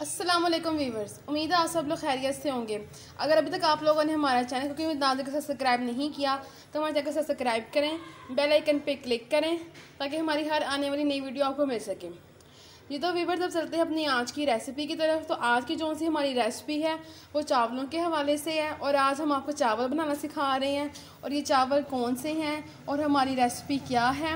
Aslam viewers उम्मीद है आप सब लोग खैरियत से होंगे अगर अभी तक आप लोगों ने हमारा चैनल क्योंकि नाजिक को सब्सक्राइब नहीं किया तो हमारे चैनल को सब्सक्राइब करें बेल आइकन पे क्लिक करें ताकि हमारी हर आने वाली नई वीडियो आपको मिल सके ये तो वीवर तब चलते हैं अपनी आज की रेसिपी की तरफ तो आज की जो सी हमारी रेसिपी है वो चावलों के हवाले से है और आज हम आपको चावल बनाना सिखा रहे हैं और ये चावल कौन से हैं और हमारी रेसिपी क्या है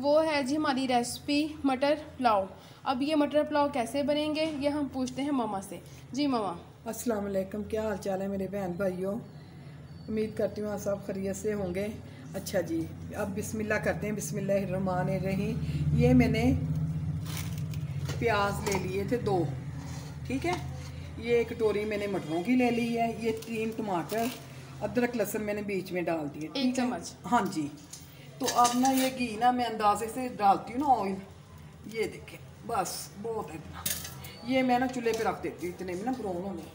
वो है जी हमारी रेसिपी मटर पुलाव अब ये मटर पुलाव कैसे बनेंगे ये हम पूछते हैं मामा से जी मामा अस्सलाम वालेकुम क्या हाल चाल है मेरे बहन भाइयों उम्मीद करती हूँ आप सब खरीत से होंगे अच्छा जी अब बिस्मिल्लाह करते हैं बिस्मिल्लाह रहीम ये मैंने प्याज ले लिए थे दो ठीक है ये एक कटोरी मैंने मटरों की ले ली है ये तीन टमाटर अदरक लहसुन मैंने बीच में डाल दिए एक चम्मच हाँ जी तो अब ना ये घी ना मैं अंदाजे से डालती हूँ ना ऑयल ये देखे बस बहुत है इतना ये मैं ना चूल्हे पे रख देती हूँ इतने में ना ब्राउन होने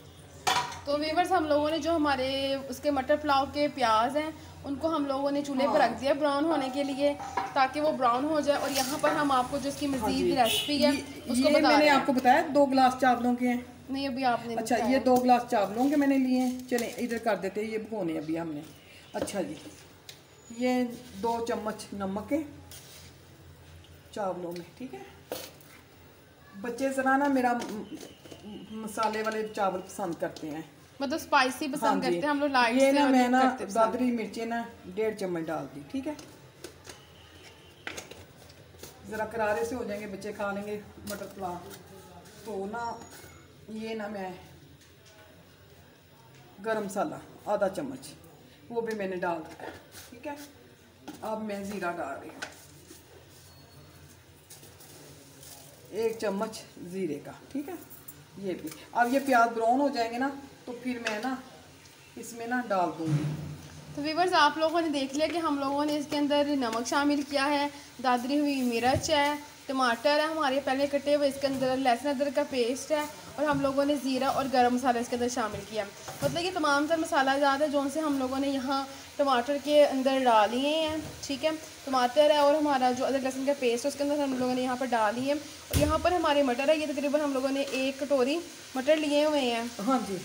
तो वीवर्स हम लोगों ने जो हमारे उसके मटर पुलाव के प्याज हैं उनको हम लोगों ने चूल्हे पर रख हाँ। दिया ब्राउन होने के लिए ताकि वो ब्राउन हो जाए और यहाँ पर हम आपको जो इसकी हाँ मजीद रेसिपी है उसको ये मैंने आपको बताया दो ग्लास चावलों के हैं नहीं अभी आपने अच्छा ये दो ग्लास चावलों के मैंने लिए हैं चले इधर कर देते हैं ये भगोने अभी हमने अच्छा जी ये दो चम्मच नमक है चावलों में ठीक है बच्चे ज़रा ना मेरा मसाले वाले चावल पसंद करते हैं मतलब स्पाइसी पसंद हाँ करते हैं हम लोग लाइट ये ना मैं ना दादरी मिर्ची ना डेढ़ चम्मच डाल दी ठीक है ज़रा करारे से हो जाएंगे बच्चे खा लेंगे मटर पुलाव तो ना ये ना मैं गरम मसाला आधा चम्मच वो भी मैंने डाल दिया ठीक है अब मैं ज़ीरा डाल रही हूँ एक चम्मच ज़ीरे का ठीक है ये भी अब ये प्याज ब्राउन हो जाएंगे ना तो फिर मैं ना इसमें ना डाल दूँगी तो वीवर्स आप लोगों ने देख लिया कि हम लोगों ने इसके अंदर नमक शामिल किया है दादरी हुई मिर्च है टमाटर है हमारे पहले कटे हुए इसके अंदर लहसुन अदरक का पेस्ट है और हम लोगों ने ज़ीरा और गरम मसाला इसके अंदर शामिल किया मतलब ये तमाम सारे मसाला ज़्यादा है जो से हम लोगों ने यहाँ टमाटर के अंदर डाल लिए हैं ठीक है टमाटर है और हमारा जो अदरक लहसुन का पेस्ट है उसके अंदर हम लोगों ने यहाँ पर डाल लिए और यहाँ पर हमारे मटर है ये तकरीबन हम लोगों ने एक कटोरी मटर लिए हुए हैं हाँ जी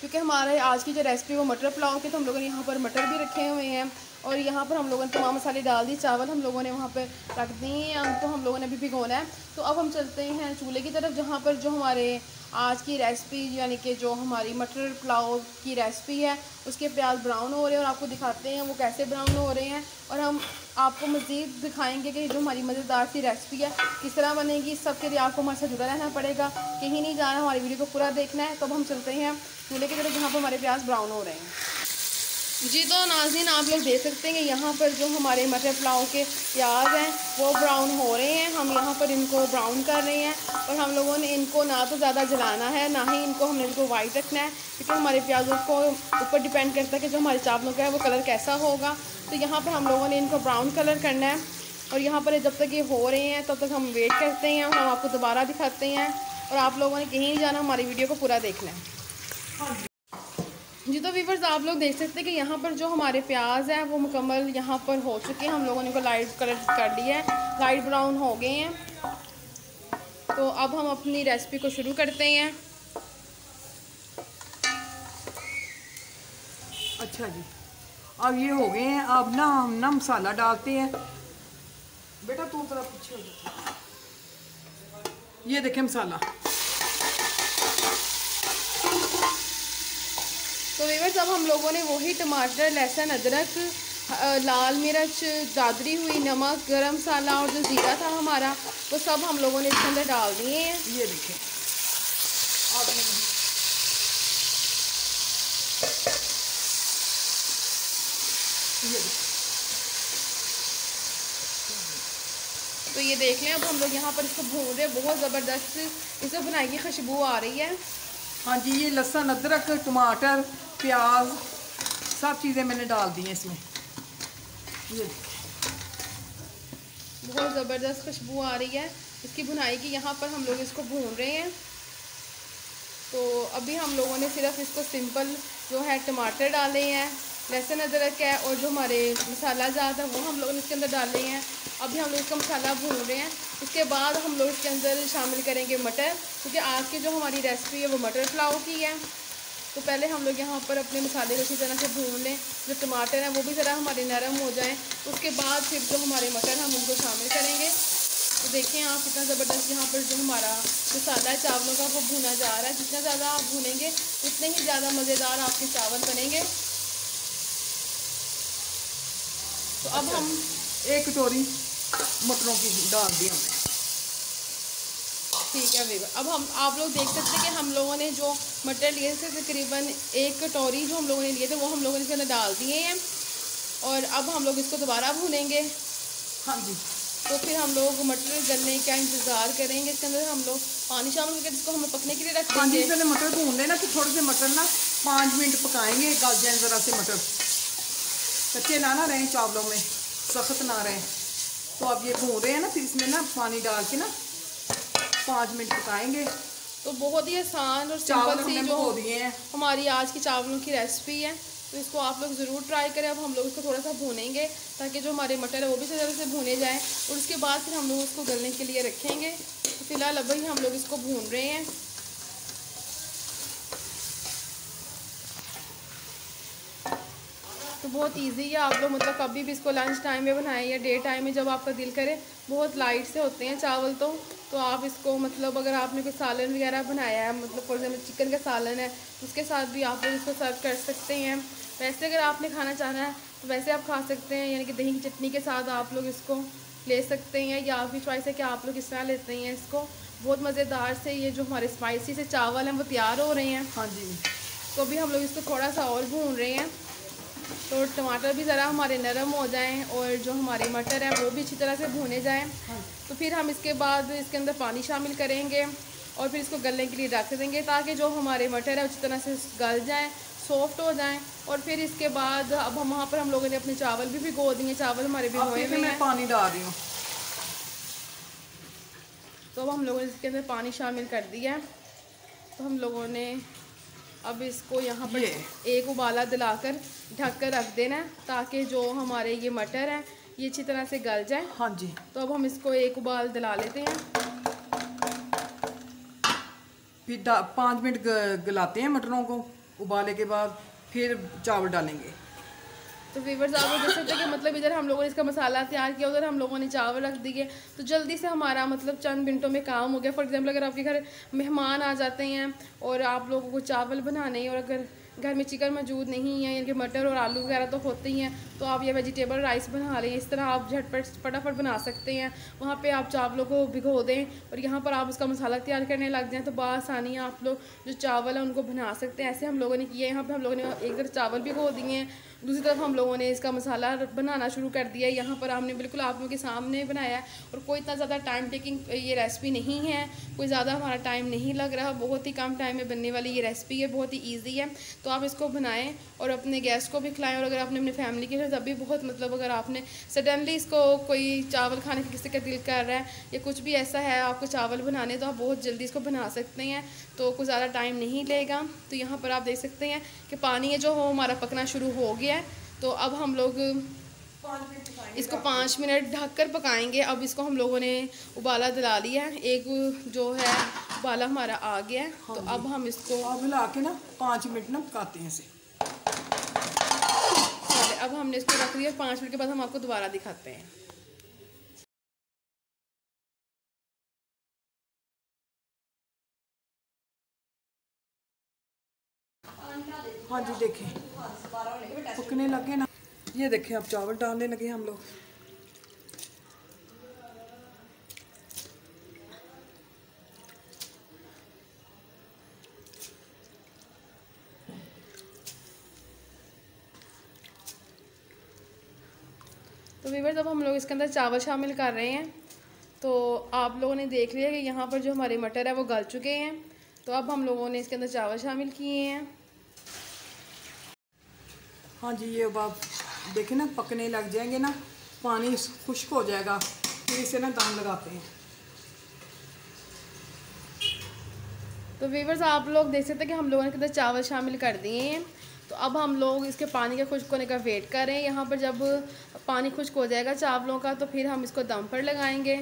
क्योंकि हमारे आज की जो रेसिपी वो मटर पुलाव की तो हम लोगों ने यहाँ पर मटर भी रखे हुए हैं और यहाँ पर हम लोगों ने तमाम मसाले डाल दिए चावल हम लोगों ने वहाँ पर रख दिए तो हम लोगों ने अभी भिगोना है तो अब हम चलते हैं चूल्हे की तरफ जहाँ पर जो हमारे आज की रेसिपी यानी कि जो हमारी मटर पुलाव की रेसिपी है उसके प्याज ब्राउन हो रहे हैं और आपको दिखाते हैं वो कैसे ब्राउन हो रहे हैं और हम आपको मज़ीद दिखाएंगे कि जो हमारी मज़ेदार सी रेसिपी है किस तरह बनेगी इस सब के लिए आपको हमारे साथ जुड़ा रहना पड़ेगा कहीं नहीं जाना हमारी वीडियो को पूरा देखना है तो हम चलते हैं चूल्हे की तरफ जहाँ पर हमारे प्याज ब्राउन हो रहे हैं जी तो नाजिन आप लोग देख सकते हैं कि यहाँ पर जो हमारे मटर पुलाव के प्याज हैं वो ब्राउन हो रहे हैं हम यहाँ पर इनको ब्राउन कर रहे हैं और हम लोगों ने इनको ना तो ज़्यादा जलाना है ना ही इनको हमने इनको वाइट रखना है क्योंकि हमारे प्याजों को ऊपर डिपेंड करता है कि जो हमारे चावलों का है वो कलर कैसा होगा तो यहाँ पर हम लोगों ने इनको ब्राउन कलर करना है और यहाँ पर जब तक ये हो रहे हैं तब तक हम वेट करते हैं और हम आपको दोबारा दिखाते हैं और आप लोगों ने कहीं नहीं जाना हमारी वीडियो को पूरा देखना है हाँ जी तो वीवर्स आप लोग देख सकते हैं कि यहाँ पर जो हमारे प्याज है वो मुकम्मल यहाँ पर हो चुके हैं हम लोगों ने को लाइट कलर कर दिया है लाइट ब्राउन हो गए हैं तो अब हम अपनी रेसिपी को शुरू करते हैं अच्छा जी अब ये हो गए हैं अब ना हम ना मसाला डालते हैं बेटा तू जरा पीछे हो ये देखें मसाला तो वीवर अब हम लोगों ने वही टमाटर लहसन अदरक लाल मिर्च दादरी हुई नमक गरम मसाला और जो जीरा था हमारा वो सब हम लोगों ने इसके अंदर डाल दिए हैं ये देखिए तो ये देख लें अब हम लोग यहाँ पर इसको भून रहे हैं बहुत ज़बरदस्त इसमें बनाई की खुशबू आ रही है हाँ जी ये लहसुन अदरक टमाटर प्याज सब चीज़ें मैंने डाल दी हैं इसमें बहुत ज़बरदस्त खुशबू आ रही है इसकी भुनाई की यहाँ पर हम लोग इसको भून रहे हैं तो अभी हम लोगों ने सिर्फ इसको सिंपल जो है टमाटर डाले हैं लहसुन अदरक है और जो हमारे मसाला ज़्यादा है वो हम लोगों ने इसके अंदर डाले हैं अभी हम लोग इसका मसाला भून रहे हैं इसके बाद हम लोग इसके अंदर शामिल करेंगे मटर क्योंकि आज की जो हमारी रेसिपी है वो मटर पुलाव की है तो पहले हम लोग यहाँ पर अपने मसाले को अच्छी तरह से भून लें जो टमाटर हैं वो भी ज़रा हमारे नरम हो जाएँ उसके बाद फिर जो हमारे मटर हम उनको शामिल करेंगे तो देखें आप कितना ज़बरदस्त यहाँ पर जो हमारा मसाला है चावलों का वो भुना जा रहा है जितना ज़्यादा आप भुनेंगे उतने ही ज़्यादा मज़ेदार आपके चावल बनेंगे तो अब अच्छा। हम एक कटोरी मटरों की डाल दी हमें ठीक है वीवर अब हम आप लोग देख सकते हैं कि हम लोगों ने जो मटर लिए थे तकरीबन एक कटोरी जो हम लोगों ने लिए थे वो हम लोगों ने इसके अंदर डाल दिए हैं और अब हम लोग इसको दोबारा भूनेंगे हाँ जी तो फिर हम लोग मटर गलने का इंतजार करेंगे इसके अंदर हम लोग पानी शामिल करके इसको हम पकने के लिए रखेंगे हैं हाँ जी पहले मटर भून लेना फिर थोड़े से मटर ना पाँच मिनट पकाएंगे गल जाए ज़रा से मटर कच्चे ना ना रहें चावलों में सख्त ना रहें तो अब ये भून रहे हैं ना फिर इसमें ना पानी डाल के ना पाँच मिनट पकाएंगे तो बहुत ही आसान और चावल सी जो हैं हमारी आज की चावलों की रेसिपी है तो इसको आप लोग ज़रूर ट्राई करें अब हम लोग इसको थोड़ा सा भूनेंगे ताकि जो हमारे मटर है वो भी तरह से भुने जाएँ और उसके बाद फिर हम लोग उसको गलने के लिए रखेंगे तो फिलहाल अब हम लोग इसको भून रहे हैं तो बहुत ईजी है आप लोग मतलब कभी भी इसको लंच टाइम में बनाएं या डे टाइम में जब आपका दिल करे बहुत लाइट से होते हैं चावल तो तो आप इसको मतलब अगर आपने कोई सालन वगैरह बनाया है मतलब फॉर एग्जाम्पल चिकन का सालन है उसके साथ भी आप लोग इसको सर्व कर सकते हैं वैसे अगर आपने खाना चाहना है तो वैसे आप खा सकते हैं यानी कि दही की चटनी के साथ आप लोग इसको ले सकते हैं या आपकी चॉइस है कि आप लोग इस तरह लेते हैं इसको बहुत मज़ेदार से ये जो हमारे स्पाइसी से चावल हैं वो तैयार हो रहे हैं हाँ जी तो अभी हम लोग इसको थोड़ा सा और भून रहे हैं तो टमाटर भी ज़रा हमारे नरम हो जाएं और जो हमारे मटर हैं वो भी अच्छी तरह से भुने जाएं हाँ। तो फिर हम इसके बाद इसके अंदर पानी शामिल करेंगे और फिर इसको गलने के लिए रख देंगे ताकि जो हमारे मटर है अच्छी तरह से गल जाएँ सॉफ्ट हो जाएं और फिर इसके बाद अब हम वहाँ पर हम लोगों ने अपने चावल भी भिगो दिए चावल हमारे भिगोए हुए हैं पानी डाल रही हूँ तो अब हम लोगों ने इसके अंदर पानी शामिल कर दिया है तो हम लोगों ने अब इसको यहाँ पर एक उबाला दिलाकर ढक कर रख देना ताकि जो हमारे ये मटर है ये अच्छी तरह से गल जाए हाँ जी तो अब हम इसको एक उबाल दिला लेते हैं फिर पाँच मिनट गलाते हैं मटरों को उबाले के बाद फिर चावल डालेंगे तो वीवर्स आप लोग देख सकते हैं कि मतलब इधर हम लोगों ने इसका मसाला तैयार किया उधर हम लोगों ने चावल रख दिए तो जल्दी से हमारा मतलब चंद मिनटों में काम हो गया फॉर एग्ज़ाम्पल अगर आपके घर मेहमान आ जाते हैं और आप लोगों को चावल बनाने और अगर घर में चिकन मौजूद नहीं है यानी कि मटर और आलू वगैरह तो होते ही हैं तो आप ये वेजिटेबल राइस बना लें इस तरह आप झटपट फटाफट बना सकते हैं वहाँ पे आप चावलों को भिगो दें और यहाँ पर आप उसका मसाला तैयार करने लग जाएँ तो बसानी आप लोग जो चावल हैं उनको बना सकते हैं ऐसे हम लोगों ने किया यहाँ पर हम लोगों ने एक तरफ चावल भिगो दिए हैं दूसरी तरफ हम लोगों ने इसका मसाला बनाना शुरू कर दिया यहाँ पर हमने बिल्कुल आप लोगों के सामने बनाया और कोई इतना ज़्यादा टाइम टेकिंग ये रेसिपी नहीं है कोई ज़्यादा हमारा टाइम नहीं लग रहा बहुत ही कम टाइम में बनने वाली ये रेसिपी है बहुत ही ईजी है तो तो आप इसको बनाएं और अपने गेस्ट को भी खिलाएं और अगर आपने अपनी फैमिली के लिए तब भी बहुत मतलब अगर आपने सडनली इसको कोई चावल खाने के किसी का दिल कर रहा है या कुछ भी ऐसा है आपको चावल बनाने तो आप बहुत जल्दी इसको बना सकते हैं तो कुछ ज़्यादा टाइम नहीं लेगा तो यहाँ पर आप देख सकते हैं कि पानी है जो हो हमारा पकना शुरू हो गया है तो अब हम लोग इसको पाँच मिनट ढक कर पकाएंगे अब इसको हम लोगों ने उबाला दिला लिया है एक जो है उबाला हमारा आ गया है तो हाँ तो अब हम इसको अब मिला के ना पाँच मिनट ना पकाते हैं इसे अब हमने इसको रख दिया पाँच मिनट के बाद हम आपको दोबारा दिखाते हैं हाँ जी देखें पकने लगे ना ये देखें अब चावल डालने लगे हम लोग तो वीवर अब हम लोग इसके अंदर चावल शामिल कर रहे हैं तो आप लोगों ने देख लिया कि यहाँ पर जो हमारे मटर है वो गल चुके हैं तो अब हम लोगों ने इसके अंदर चावल शामिल किए हैं हाँ जी ये अब आप देखें ना पकने लग जाएंगे ना पानी खुश्क हो जाएगा फिर इसे ना दम लगाते हैं तो वीवर्स आप लोग देख सकते हैं कि हम लोगों ने कितना चावल शामिल कर दिए हैं तो अब हम लोग इसके पानी के खुश्क होने का वेट कर रहे हैं यहाँ पर जब पानी खुश्क हो जाएगा चावलों का तो फिर हम इसको दम पर लगाएंगे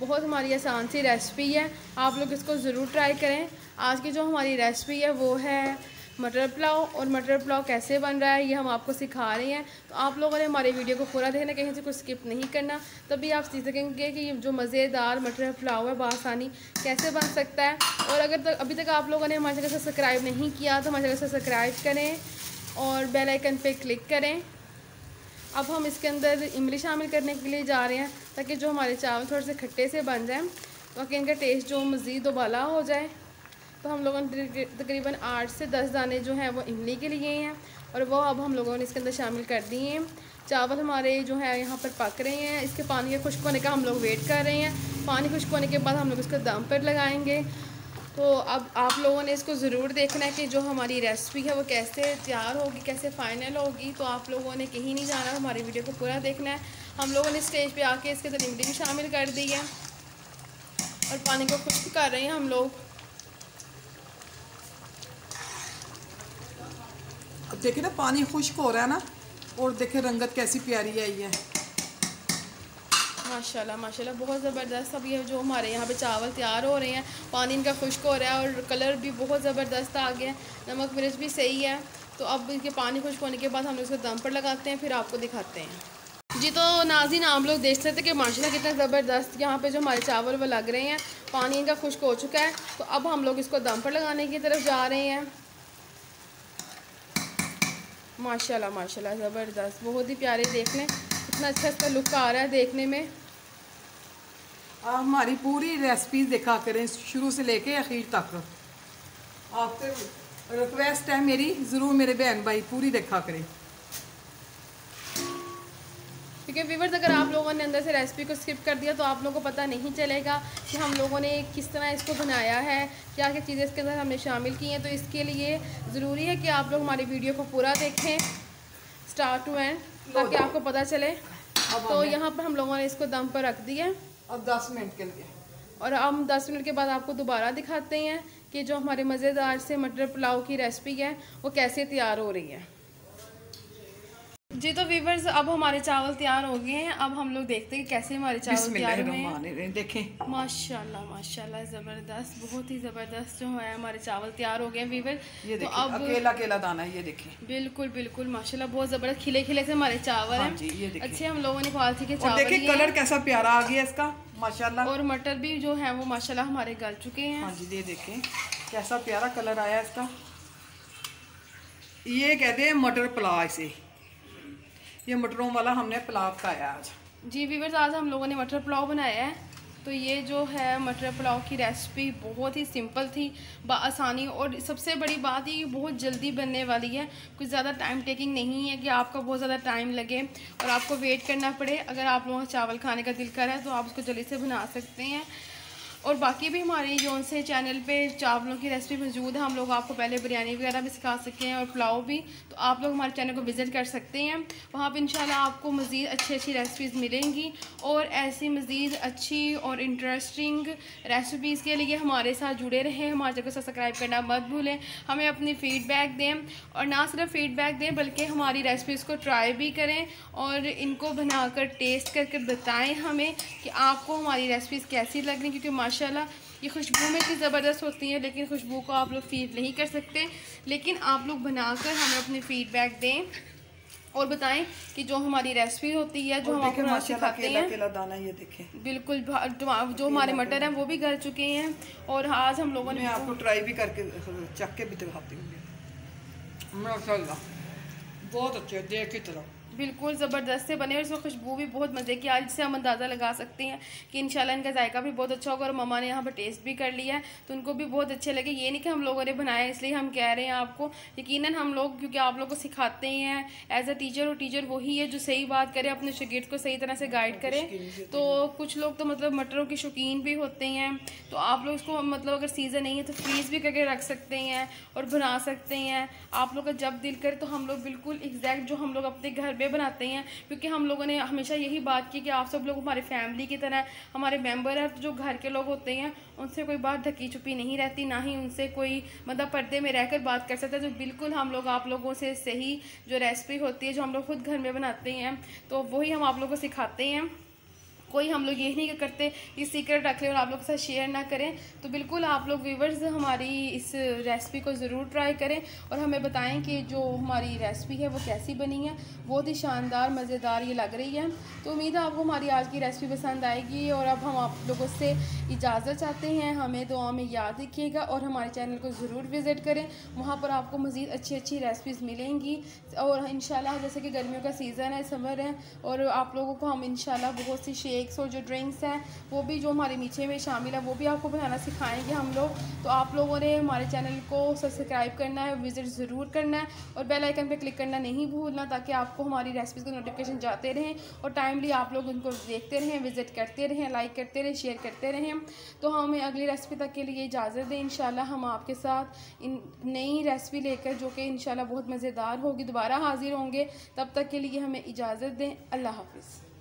बहुत हमारी आसान सी रेसिपी है आप लोग इसको ज़रूर ट्राई करें आज की जो हमारी रेसिपी है वो है मटर पुलाव और मटर पुलाव कैसे बन रहा है ये हम आपको सिखा रहे हैं तो आप लोगों ने हमारे वीडियो को पूरा देखना कहीं से कुछ स्किप नहीं करना तभी आप सीख सकेंगे कि जो मज़ेदार मटर पुलाव है बसानी कैसे बन सकता है और अगर तक अभी तक आप लोगों ने हमारे चैनल सब्सक्राइब नहीं किया तो हमारे चैनल सब्सक्राइब करें और बेल आइकन पे क्लिक करें अब हम इसके अंदर इमली शामिल करने के लिए जा रहे हैं ताकि जो हमारे चावल थोड़े से खट्टे से बन जाएं ताकि इनका टेस्ट जो मज़ीद उबाला हो जाए तो हम लोगों ने तकरीबन आठ से दस दाने जो हैं वो इमली के लिए हैं और वो अब हम लोगों ने इसके अंदर शामिल कर दिए हैं चावल हमारे जो है यहाँ पर पक रहे हैं इसके पानी के खुश्क होने का हम लोग वेट कर रहे हैं पानी खुश्क होने के बाद हम लोग इसको दम पर लगाएंगे तो अब आप लोगों ने इसको ज़रूर देखना है कि जो हमारी रेसिपी है वो कैसे तैयार होगी कैसे फ़ाइनल होगी तो आप लोगों ने कहीं नहीं जाना हमारी वीडियो को पूरा देखना है हम लोगों ने स्टेज पे आके इसके अंदर इमली भी शामिल कर दी है और पानी को खुश्क कर रहे हैं हम लोग देखिए ना पानी खुश्क हो रहा है ना और देखिए रंगत कैसी प्यारी आई है माशाल्लाह माशाल्लाह बहुत ज़बरदस्त अब ये जो हमारे यहाँ पे चावल तैयार हो रहे हैं पानी इनका खुश्क हो रहा है और कलर भी बहुत ज़बरदस्त आ गया है नमक मिर्च भी सही है तो अब इनके पानी खुश्क होने के बाद हम इसको दम पर लगाते हैं फिर आपको दिखाते हैं जी तो नाजिन आप लोग देख सकते कि माशाला कितना ज़बरदस्त यहाँ पे जो हमारे चावल वो लग रहे हैं पानी इनका खुश्क हो चुका है तो अब हम लोग इसको दम पर लगाने की तरफ जा रहे हैं माशाल्लाह माशाल्लाह ज़बरदस्त बहुत ही प्यारे देख लें इतना अच्छा इसका लुक आ रहा है देखने में आप हमारी पूरी रेसिपीज देखा करें शुरू से लेके आखिर तक आपसे रिक्वेस्ट है मेरी ज़रूर मेरे बहन भाई पूरी देखा करें क्योंकि वीवर्स अगर आप लोगों ने अंदर से रेसिपी को स्किप कर दिया तो आप लोगों को पता नहीं चलेगा कि हम लोगों ने किस तरह इसको बनाया है क्या क्या चीज़ें इसके अंदर हमने शामिल की हैं तो इसके लिए ज़रूरी है कि आप लोग हमारी वीडियो को पूरा देखें स्टार्ट टू एंड ताकि आपको पता चले तो यहाँ पर हम लोगों ने इसको दम पर रख दिया और दस मिनट के लिए और हम दस मिनट के बाद आपको दोबारा दिखाते हैं कि जो हमारे मज़ेदार से मटर पुलाव की रेसिपी है वो कैसे तैयार हो रही है जी तो वीवर्स अब हमारे चावल तैयार हो गए हैं अब हम लोग देखते हैं कैसे हमारे चावल तैयार हुए हैं देखें माशाल्लाह माशाल्लाह ज़बरदस्त बहुत ही ज़बरदस्त जो है हमारे चावल तैयार हो गए हैं वीवर ये तो अब अकेला अकेला दाना है ये देखें बिल्कुल बिल्कुल माशाल्लाह बहुत ज़बरदस्त खिले खिले से हमारे चावल हैं हाँ अच्छे हम लोगों ने कहा थी देखे देखिए कलर कैसा प्यारा आ गया इसका माशाल्लाह और मटर भी जो है वो माशाल्लाह हमारे गल चुके हैं हाँ जी ये देखें कैसा प्यारा कलर आया इसका ये कहते हैं मटर पुलाव इसे ये मटरों वाला हमने पुलाव खाया आज जी वीवर्स आज हम लोगों ने मटर पुलाव बनाया है तो ये जो है मटर पुलाव की रेसिपी बहुत ही सिंपल थी आसानी और सबसे बड़ी बात ये बहुत जल्दी बनने वाली है कुछ ज़्यादा टाइम टेकिंग नहीं है कि आपका बहुत ज़्यादा टाइम लगे और आपको वेट करना पड़े अगर आप लोगों का चावल खाने का दिल करा है तो आप उसको जल्दी से बना सकते हैं और बाकी भी हमारे यौन से चैनल पे चावलों की रेसिपी मौजूद है हम लोग आपको पहले बिरयानी वगैरह भी सिखा सकते हैं और पुलाव भी तो आप लोग हमारे चैनल को विज़िट कर सकते हैं वहाँ पर इंशाल्लाह आपको मज़ीद अच्छी अच्छी रेसिपीज़ मिलेंगी और ऐसी मज़ीद अच्छी और इंटरेस्टिंग रेसिपीज़ के लिए हमारे साथ जुड़े रहें हमारे चैनल को सब्सक्राइब करना मत भूलें हमें अपनी फ़ीडबैक दें और ना सिर्फ फ़ीडबैक दें बल्कि हमारी रेसिपीज़ को ट्राई भी करें और इनको बनाकर टेस्ट करके बताएं हमें कि आपको हमारी रेसिपीज़ कैसी लग रही क्योंकि माशाल्लाह ये खुशबू में इतनी ज़बरदस्त होती हैं लेकिन खुशबू को आप लोग फील नहीं कर सकते लेकिन आप लोग बनाकर हमें अपने फीडबैक दें और बताएं कि जो हमारी रेसिपी होती है जो हम आपको सिखाते हैं बिल्कुल जो हमारे मटर हैं वो भी गल चुके हैं और आज हम लोगों ने आपको ट्राई भी करके चख के भी दिखाती हूँ माशाल्लाह बहुत अच्छे देख की तरह बिल्कुल ज़बरदस्त से बने और इसमें खुशबू भी बहुत मज़े की आज से हम अंदाज़ा लगा सकते हैं कि इन इनका जायका भी बहुत अच्छा होगा और ममा ने यहाँ पर टेस्ट भी कर लिया है तो उनको भी बहुत अच्छे लगे ये नहीं कि हम लोगों ने बनाया इसलिए हम कह रहे हैं आपको यकीन हम लोग क्योंकि आप लोग को सिखाते ही हैं एज अ टीचर और टीचर वही है जो सही बात करे अपने शगीर्द को सही तरह से गाइड करें तो कुछ लोग तो मतलब मटरों के शौकीन भी होते हैं तो आप लोग इसको मतलब अगर सीज़न नहीं है तो फ्रीज़ भी करके रख सकते हैं और बना सकते हैं आप लोग का जब दिल करे तो हम लोग बिल्कुल एग्जैक्ट जो हम लोग अपने घर तस्वीरें बनाते हैं क्योंकि हम लोगों ने हमेशा यही बात की कि आप सब लोग हमारे फैमिली की तरह हमारे मेम्बर हैं जो घर के लोग होते हैं उनसे कोई बात धकी छुपी नहीं रहती ना ही उनसे कोई मतलब पर्दे में रहकर बात कर सकते हैं तो बिल्कुल हम लोग आप लोगों से सही जो रेसिपी होती है जो हम लोग खुद घर में बनाते हैं तो वही हम आप लोगों को सिखाते हैं कोई हम लोग ये नहीं करते कि सीक्रेट रख लें और आप लोग के साथ शेयर ना करें तो बिल्कुल आप लोग व्यूवर्स हमारी इस रेसिपी को ज़रूर ट्राई करें और हमें बताएं कि जो हमारी रेसिपी है वो कैसी बनी है बहुत ही शानदार मज़ेदार ये लग रही है तो उम्मीद है आपको हमारी आज की रेसिपी पसंद आएगी और अब हम आप लोगों से इजाज़त चाहते हैं हमें दुआ में याद रखिएगा और हमारे चैनल को ज़रूर विज़िट करें वहाँ पर आपको मज़ीद अच्छी अच्छी रेसिपीज़ मिलेंगी और इन जैसे कि गर्मियों का सीज़न है समर है और आप लोगों को हम इन बहुत सी शेयर केक्स और जो ड्रिंक्स हैं वो भी जो हमारे मीठे में शामिल है वो भी आपको बनाना सिखाएंगे हम लोग तो आप लोगों ने हमारे चैनल को सब्सक्राइब करना है विज़िट ज़रूर करना है और बेल आइकन पर क्लिक करना नहीं भूलना ताकि आपको हमारी रेसिपीज़ के नोटिफिकेशन जाते रहें और टाइमली आप लोग उनको देखते रहें विज़िट करते रहें लाइक करते रहें शेयर करते रहें तो हमें अगली रेसिपी तक के लिए इजाज़त दें इन हम आपके साथ नई रेसिपी लेकर जो कि इन बहुत मज़ेदार होगी दोबारा हाजिर होंगे तब तक के लिए हमें इजाज़त दें अल्लाह हाफिज़